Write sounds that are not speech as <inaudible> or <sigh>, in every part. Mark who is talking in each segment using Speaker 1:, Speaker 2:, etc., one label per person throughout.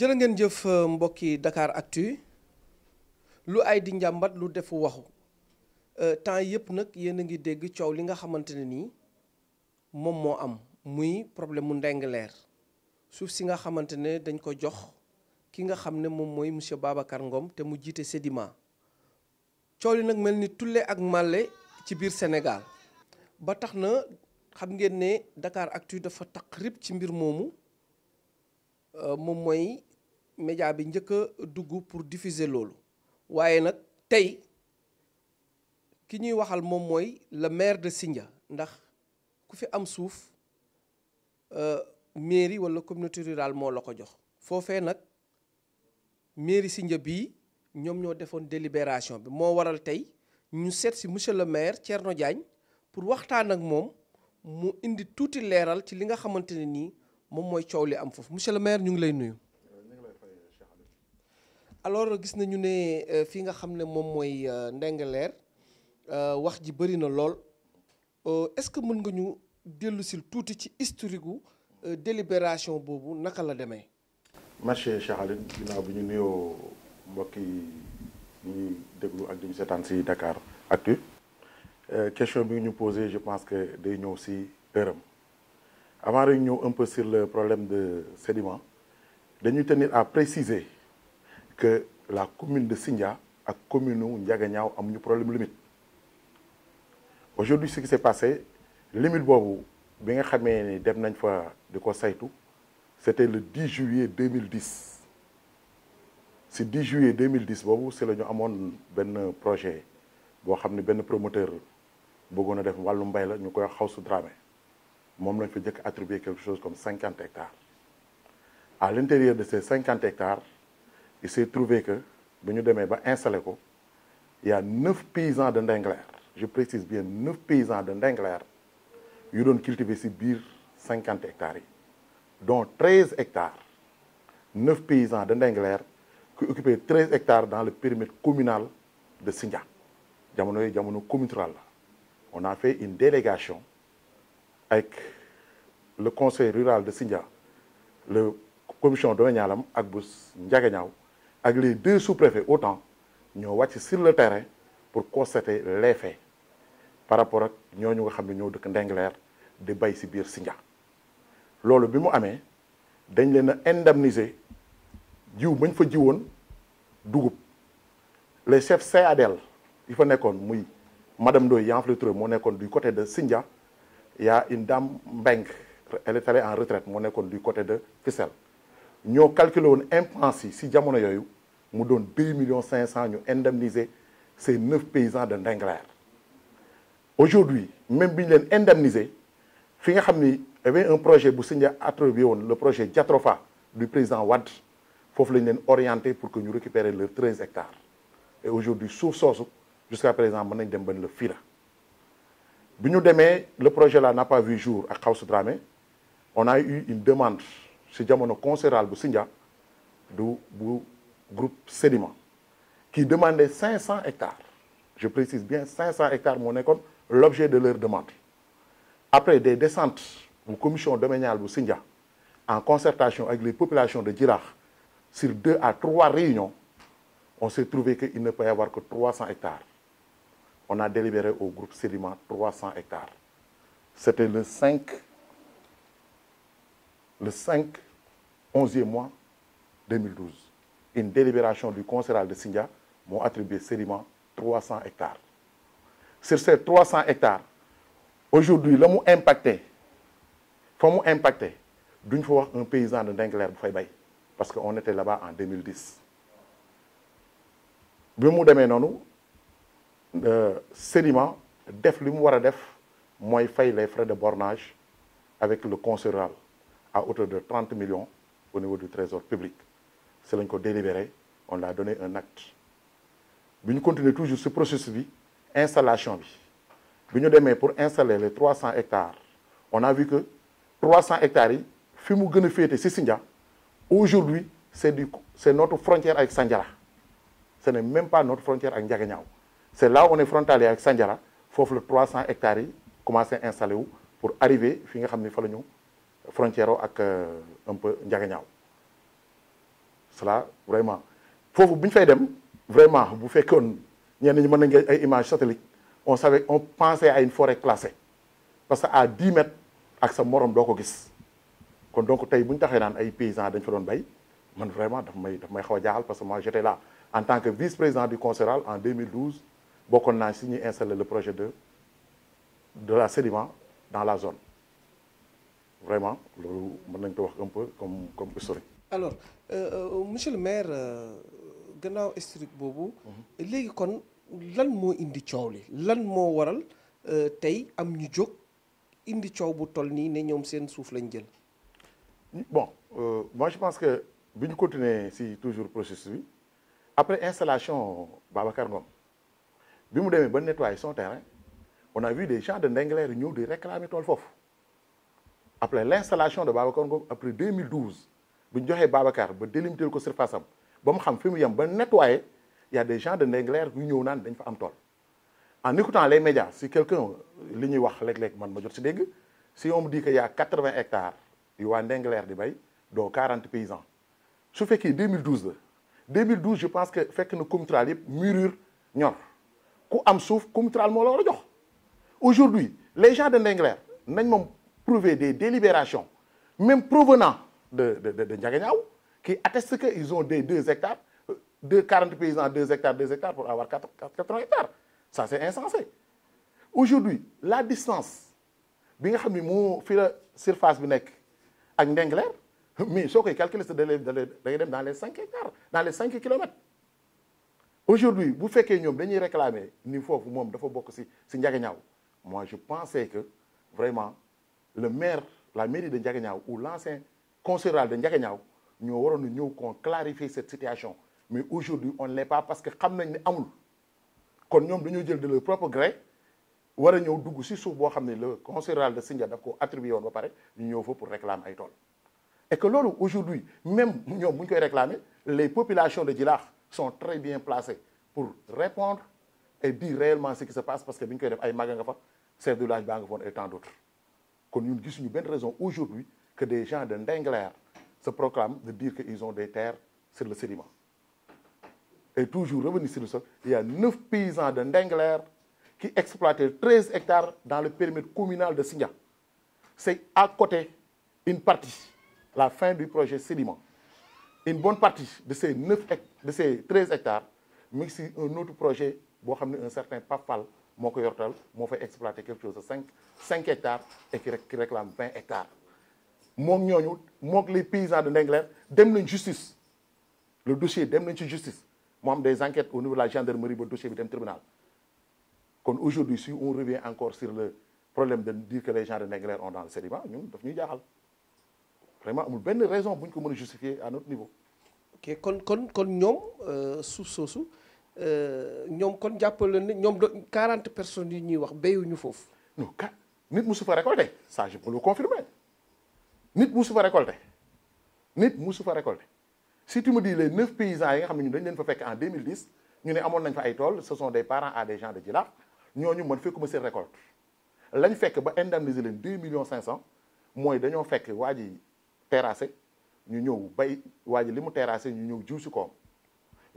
Speaker 1: jërë ngeen jëf euh, mbokki dakaar Actu lu ay di njàmbat lu defu waxu euh, temps yëpp nag yéen a ngi dégg coow li nga xamante ne nii moom moo am muy problème mu Ndingler suuf si nga xamante ne dañ ko jox ki nga xam ne moom mooy monsieur Babacar Ngom te mu jiite Sedima coow li nag mel ni tulle ak màlle ci biir Sénégal ba tax na xam ngeen ne Dakar Actu dafa taq rib ci mbir moomu euh, moom mooy média bi njëkk a dugg pour diffuser loolu waaye nag tey ki ñuy waxal moom mooy le maire de Sindia ndax ku fi am suuf euh, mairie wala communauté rurale moo la ko jox foofee nag mairie Sindia bii ñoom ñoo defoon délibération bi moo waral tey ñu seet si monsieur le maire Thierno Diagne pour waxtaan ak moom mu indi tuuti leeral ci li nga xamante ne nii moom mooy coow li am foofu monsieur le maire ñu ngi lay nuyu alors gis nañu né euh, fi nga xamné mom moy mooy euh, euh wax ji bëri na Euh est-ce que mën nga ñu déllu ci tuuti ci historique gu euh, délibération bobu naka la demee.
Speaker 2: merci Cheikh Aline ginnaaw bi ñu nuyoo mbokk yi ñi déglu ak di sétane ci Dakar Actu Euh question bi ñu posé je pense que day ñëw ci heure avant de ñëw un peu sur le problème de sédiment dañuy tenir à préciser que la commune de Sindia ak commune u Ndiaganiao amuñu problème limite aujourd'hui ce qui s'est passé limite boobu vous nga dem nañ fa c'était le 10 juillet 2010 C'est 10 juillet 2010 c'est le la ñu projet boo xam ben promoteur bëggoon a fait un mbay la ñu koy Dramé attribuer quelque chose comme 50 hectares à l'intérieur de ces 50 hectares il s'est trouvé que, il y a 9 paysans de je précise bien, 9 paysans de Ndengler, qui ont cultivé ces 50 hectares, dont 13 hectares. 9 paysans de qui occupaient 13 hectares dans le périmètre communal de Sindia. On a fait une délégation avec le conseil rural de Sindia, la commission de Ndengler, Agbus ak les deux sous-préfets autant nous wàcc sur le terrain pour constater les faits par rapport ak ñooñu nga xam ne ñoo dëkk Ndingler di bay si biir Sindia loolu bi mu amee dañ leen a indemniser jiw bañ fa jiwoon dugub les chefs CADL il fa nekkoon muy madame Doy, Yanflé Touré moo du côté de Sindia y a une dame Mbeng elle est allée en retraite mon école du côté de Fissel avons calculé un impenses si jamono yoyu mu donne 2 millions 500 ñu indemniser ces neuf paysans de aujourd'hui même biñ len indemniser fi nga y avait un projet bu signé attribué le projet Diatrofa du président Wade pour lañ orienter orienter pour que nous récupérions les 13 hectares et aujourd'hui sous source, jusqu'à présent nous avons dem ban le fil. le projet là n'a pas vu jour à de ce Dramé on a eu une demande ce mon concéral à Sindia du groupe Sédiment qui demandait 500 hectares je précise bien 500 hectares mon école, l'objet de leur demande après des descentes une commission de bu Sindia en concertation avec les populations de Djirah sur deux à trois réunions on s'est trouvé qu'il ne pouvait y avoir que 300 hectares on a délibéré au groupe Sédiment 300 hectares c'était le 5 le 5 11e mois 2012. Une délibération du conseil de Singa m'a attribué sédiment 300 hectares. Sur ces 300 hectares, aujourd'hui, le mot impacté, faut impacté, d'une fois un paysan de Dengler parce qu'on était là-bas en 2010. bi mu demee noonu euh, sédiment def le def les frais de bornage avec le conseil à hauteur de 30 millions au niveau du trésor public. C'est qu'on a délibéré on l'a donné un acte Nous continuons toujours ce processus bi installation pour installer les 300 hectares on a vu que 300 hectares fi aujourd'hui c'est notre frontière avec Sandiara ce n'est même pas notre frontière avec Ndiaganiao c'est là où on est frontalier avec faut que les 300 hectares yi à installer pour arriver fi nga xam frontière ak euh, un peu Ndiaganyao. cela vraiment vous, vous ñu fay dem vraiment vous faites qu'on y a une image satellite on savait on pensait à une forêt classée parce qu'à 10 mètres ak sa morom pas de gis kon donc tey bu ñu taxee ay paysans dañ fa doon bay vraiment daf may daf may parce que moi j'étais là en tant que vice-président du conseil en 2012 on a signé signé installer le projet de de la sédiment dans la zone vraiment loolu mën nañ ko wax un peu comme comme historique.
Speaker 1: alors euh, euh monsieur le maire euh, gannaaw historique boobu. Mhm. léegi kon lan moo indi coow li lan moo waral euh, tay, am ñu jóg indi coow bu toll nii ne ñoom seen suuf lañ jël.
Speaker 2: bon euh, moi je pense que bi ñu continuer si toujours processus bi après installation Babacar Ngom bi mu demee ba nettoyer son terrain on a vu des gens de Ndengler ñëw de réclamer tool foofu après l'installation de Babacar après 2012 quand ñu Babacar ba délimité la surface Quand on a xam fi mu y a des gens de Nengler qui sont naan dañ fa en écoutant les médias si quelqu'un wax man ma jot si si on me dit qu'il y a 80 hectares de Nengler, Ndingler di bay 40 paysans fait qu'il 2012 2012 je pense que fait que nous yëpp mûrir ñor ku am suuf Koumutral moo la aujourd'hui les gens de ne nañ pas prouver des délibérations, même provenant de, de, de, de qui attestent qu'ils ont des 2 hectares, euh, de 40 paysans, 2 hectares, 2 hectares pour avoir 4, 80 hectares. Ça, c'est insensé. Aujourd'hui, la distance, bien que la surface avec Ndengler, mais si on calcule, c'est dans les 5 hectares, dans les 5 km. Aujourd'hui, vous faites que nous réclamer, nous faut que nous devons beaucoup si Moi, je pensais que vraiment le maire la mairie de Ndiaganiao ou l'ancien conseil de Ndiaganiao nous avons clarifié qu'on cette situation mais aujourd'hui on ne l'est pas parce que comme nous ne amul kon ñoom de leur propre gré nous avons le conseil de Sindia daf ko attribué ba pour réclamer ay et que aujourd'hui même si nous avons réclamé, les populations de Djilakh sont très bien placées pour répondre et dire réellement ce qui se passe parce que nous avons koy def ay de village et tant d'autres nous dise une bonne raison aujourd'hui que des gens de Ndengler se proclament de dire qu'ils ont des terres sur le sédiment. Et toujours revenir sur le sol, il y a 9 paysans de Ndengler qui exploitaient 13 hectares dans le périmètre communal de Signa. C'est à côté une partie, la fin du projet sédiment. Une bonne partie de ces, de ces 13 hectares, mais c'est un autre projet, un certain Papal, mon coeur, yortal m'a fait exploiter quelque chose de 5 hectares et qui réclame 20 hectares Mon ñooñu que les paysans de Nengler dem une justice le dossier dem une justice mu am des enquêtes au niveau de la gendarmerie le dossier bi dem tribunal kon aujourd'hui si on revient encore sur le problème de dire que les gens de Nengler ont dans le sédiment ñun daf ñuy jaaxal
Speaker 1: vraiment amul benn raison pour ko mëna justifier à notre niveau ok kon kon kon euh, nous euh, kon 40 personnes yi nit récolter ça je peux le confirmer nit avons
Speaker 2: fa nit si tu me dis les 9 paysans yi nga été en 2010 ñu été nañ ce sont des parents à des gens de Djilaf man fekkuma récolte lañ fekk ba indemniser leen 2 500 000, fekk fait ñu bay wadi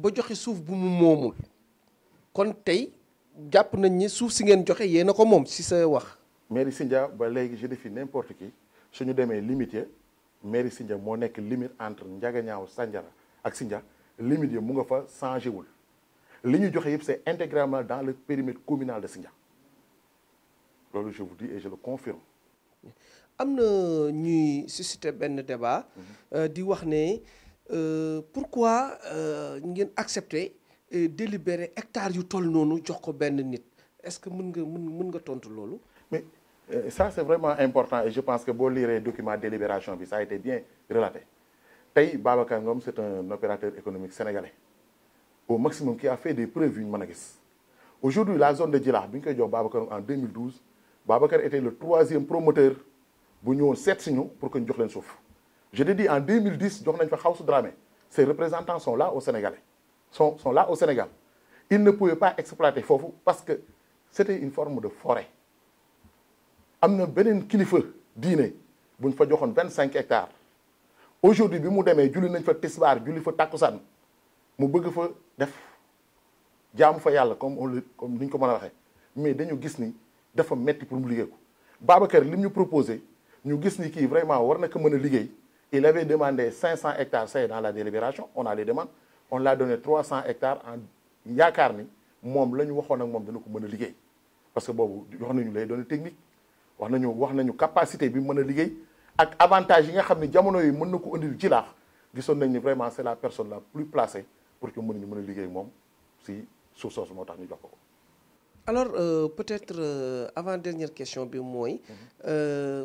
Speaker 1: ba joxe suuf bu mu moomul kon tey jàpp nañ ni suuf si ngeen joxe yéen a ko moom
Speaker 2: si sa wax. mairie Sindia ba léegi je défie n'importe su ñu demee limité mairie Sindia moo nekk limite entre Ndiaganiao Sandiara ak Sindia limite yi mu nga fa changé wul li ñu joxe yëpp c'est intégralement dans le périmètre communal de Sindia loolu je vous dis et je confirme.
Speaker 1: am na ñuy susciter benn débat. Mhm. Euh, di wax ne. Euh, pourquoi de euh, accepter accepté hectare yu toll noonu jox ko est-ce que mën nga mën cela? mais
Speaker 2: euh, ça c'est vraiment important et je pense que lire le document délibération ça a été bien relaté pays Babacar c'est un opérateur économique sénégalais au maximum qui a fait des preuves aujourd'hui la zone de Djila, bi en 2012 Babacar était le troisième promoteur bu nous, sept pour que nous jox je l'ai dit, en 2010, ces représentants sont là au Sénégal. Sont, sont là au Sénégal. Ils ne pouvaient pas exploiter Fofu parce que c'était une forme de forêt. Il y a un kilifa dîner, il faut 25 hectares. Aujourd'hui, quand il est venu, il a Tisbar, il a fait Takusan. Il veut faire jaamu fa yàlla comme on comme ni ñu ko mën a mais dañu gis ni dafa metti pour mu liggéey ko Babacar li mu ñu proposé ñu gis ni kii vraiment war na ko mën il avait demandé 500 hectares, c'est dans la délibération, on a les demandes. On l'a donné 300 hectares en Yakarni. on je ñu waxoon ak moom dana ko a parce que nous wax nañu les données techniques wax nañu wax nañu capacité de mën a ak avantage yi nga xam ne jamono yi mën na ko indil jilaax vraiment c'est la personne la plus placée pour que mën ñu mën a si
Speaker 1: alors euh, peut-être euh, avant dernière question bi mhm. euh,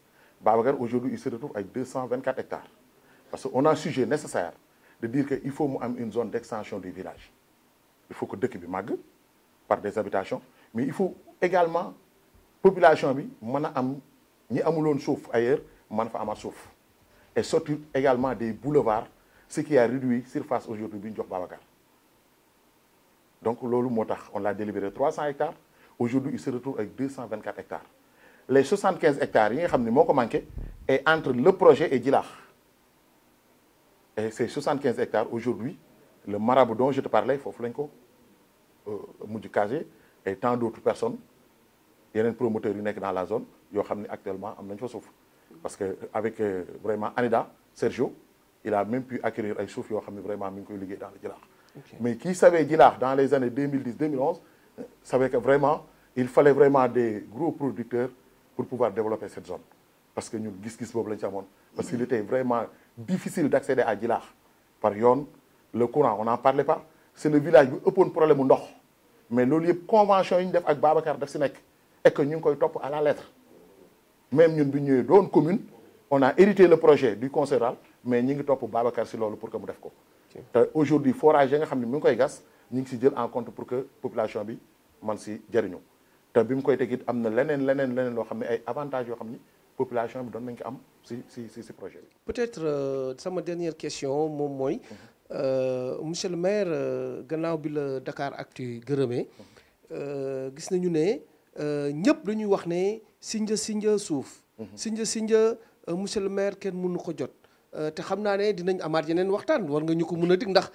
Speaker 2: aujourd'hui, il se retrouve avec 224 hectares. Parce qu'on a un sujet nécessaire de dire qu'il faut une zone d'extension du village. Il faut que deux par des habitations, mais il faut également population bi a am ailleurs mën fa et surtout également des boulevards ce qui a réduit surface aujourd'hui de donc on a délibéré 300 hectares aujourd'hui il se retrouve avec 224 hectares les 75 hectares yi nga Et entre le projet et Dilar. et ces 75 hectares aujourd'hui le marabout dont je te parlais Foflenko, lañ euh, et tant d'autres personnes il y promoteurs promoteur unique dans la zone il y actuellement am nañ fa parce que avec euh, vraiment Anida Sergio il a même pu acquérir un souffle, il a vraiment un dans le mais qui savait Dilar dans les années 2010 2011 euh, savait que vraiment il fallait vraiment des gros producteurs pour pouvoir développer cette zone parce que nous gis-gis qu'il était vraiment difficile d'accéder à Djilakh par yon le courant on n'en parlait pas c'est le village bi ëppoon problème mu ndox mais le yëpp convention yi ñu def ak Babacar et que ñu ngi à la lettre même nous sommes dans une commune on a hérité le projet du conseil mais nous ngi pour Babacar si loolu pour que mu def aujourd'hui forage yi nga xam ne en compte pour que population bi man si te bim mu koy teg it am na leneen leneen leneen loo xam ay avantages yoo xam population bi doon nañ ko am si si si si projet
Speaker 1: peut-être euh, sama dernière question moom mooy. Mhm. Euh, monsieur le maire euh, gannaaw bi la Dakar Actu gërëmee mhm. gis nañu ne ñëpp dañuy wax ne Sinja Sinja suuf. Mhm. Sinja Sinja monsieur le maire ken mënu ko jot. te xam naa ne dinañ amaat yeneen waxtaan war nga ñu ko mën a dig ndax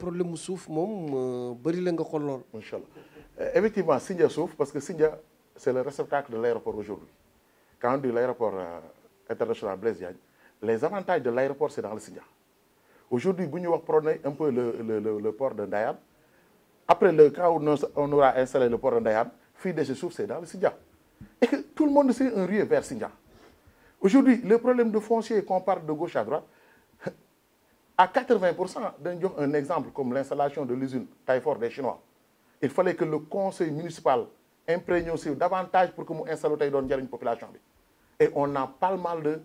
Speaker 1: problème mu suuf moom la nga ko lool. Euh,
Speaker 2: effectivement, Sindia souffre parce que Sindia, c'est le réceptacle de l'aéroport aujourd'hui. Quand on dit l'aéroport euh, international Blaise les avantages de l'aéroport, c'est dans le Sindia. Aujourd'hui, si nous prenons un peu le, le, le, port de Ndayam, après le cas où on aura installé le port de Ndayam, Fille de souffre, c'est dans le Sindia. Et que tout le monde un rue vers Sindia. Aujourd'hui, le problème de foncier qu'on parle de gauche à droite, à 80%, d'un un exemple comme l'installation de l'usine Taifor des Chinois, il fallait que le conseil municipal imprégne aussi davantage pour que nous installions une population et on a pas le mal de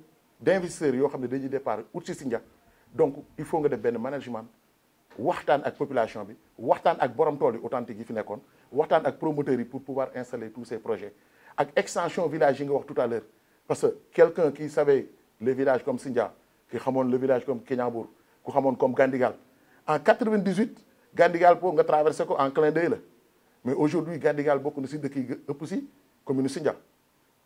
Speaker 2: qui ont yoo xam départ donc il faut nga def management management avec la population bi ouattan avec borom tool authentique yi fi avec waxtaan pour pouvoir installer tous ces projets l'extension extension village yi tout à l'heure parce que quelqu'un qui savait le village comme Sindia qui savait le village comme Kenyabour, qui village comme Gandigal en 98 Gandigal pour nga traverser ko en clin d'œil mais aujourd'hui Gandigal bokk na de dëkk aussi comme si commune Sindia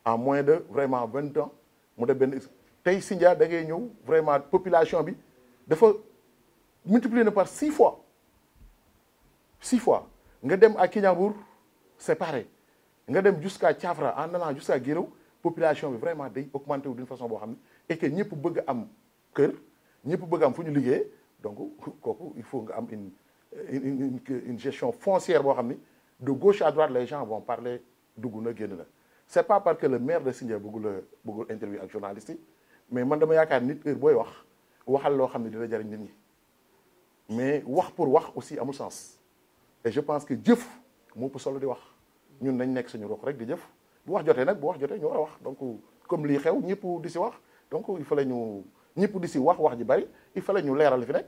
Speaker 2: en moins de vraiment vingt ans mu Ben, benn tey Sindia da ngay vraiment population bi dafa multiplier na par six fois six fois nga dem à Kignangour c'est pareil nga dem jusqu'à Thiafra en allant jusqu'à Guéréo population bi vraiment day augmenté d'une façon boo xam et que ñëpp bëgg am kër ñëpp bëgg am fu de liggéeyee donc kooku il faut nga am une euh, une, une, une gestion foncière boo xam de gauche à droite les gens vont parler dugg na génn C'est pas parce que le maire de Sindia bëggul a bëggul interview avec journaliste mais man dama yaakaar nit heure booy wax waxal loo xam ne dina nit mais wax pour wax aussi amul sens et je pense que jëf moo ëpp solo di wax ñun nañ nekk suñu rox rek di jëf bu wax jotee nag bu wax jotee ñu wax donc comme lii xew ñëpp di si wax donc il fallait ñu ñëpp pour dire wax wax ji bari il fallait ñu leeral li fi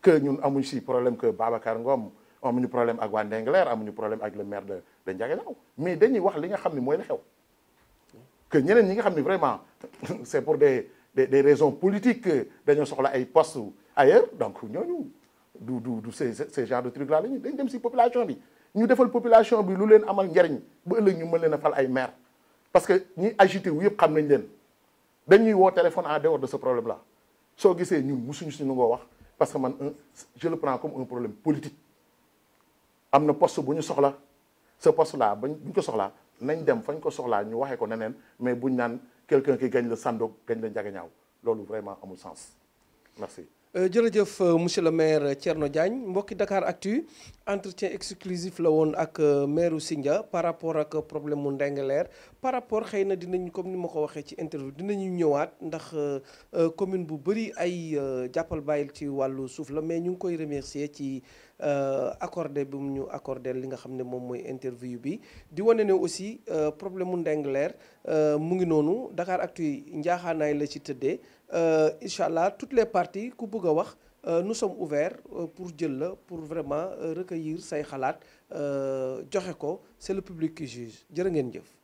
Speaker 2: que ñun amuñ si problème que Babacar Ngom amuñu problème ak waa Ndingler amuñu problème ak le maire de de Ndiaganao mais dañuy wax li nga xam ne mooy la xew que ñeneen ñi nga xam ne vraiment <laughs> c'est pour des des des raisons politiques que soxla ay post ay donc ñooñu du du du ce ce genre ñu dañ dem si population bi ñu defal population bi lu leen amal njariñ ba ëllëg ñu mën leen fal ay maire parce que ñi agité wu yëpp xam nañ leen dañuy woo téléphone en dehors de ce problème la soo gisee ñun musuñu suñu ngoo wax parce que man je le prends comme un problème politique am ne poste bu ñu soxla ce poste là bañ bu ñu ko soxlaa nañ dem fañ ko soxlaa ñu waxee ko neneen mais buñ quelqu'un qui gagne le sandok gagne le Ndiaganiao loolu vraiment amul sens merci
Speaker 1: Euh, jërëjëf euh, monsieur le maire Thierno Diagne mbokki Dakar Actu entretien exclusif la woon ak euh, maire Sindia par rapport ak problème mu Ndingler par rapport xëy na dinañ comme ni ma ko waxee ci interview dinañu ñëwaat ndax commune bu bëri ay jàppal bàyyil ci wàllu suuf la mais ñu ngi koy remercier ci accordé bi mu ñu accordé li nga xam ne moom mooy interview bi di wane ne aussi problème mu Ndingler mu ngi noonu Dakar Actu njaaxaanaay la ci tëddee. Euh, InshaAllah, toutes les parties euh, nous sommes ouverts euh, pour pour vraiment recueillir ces khalat. c'est le public qui juge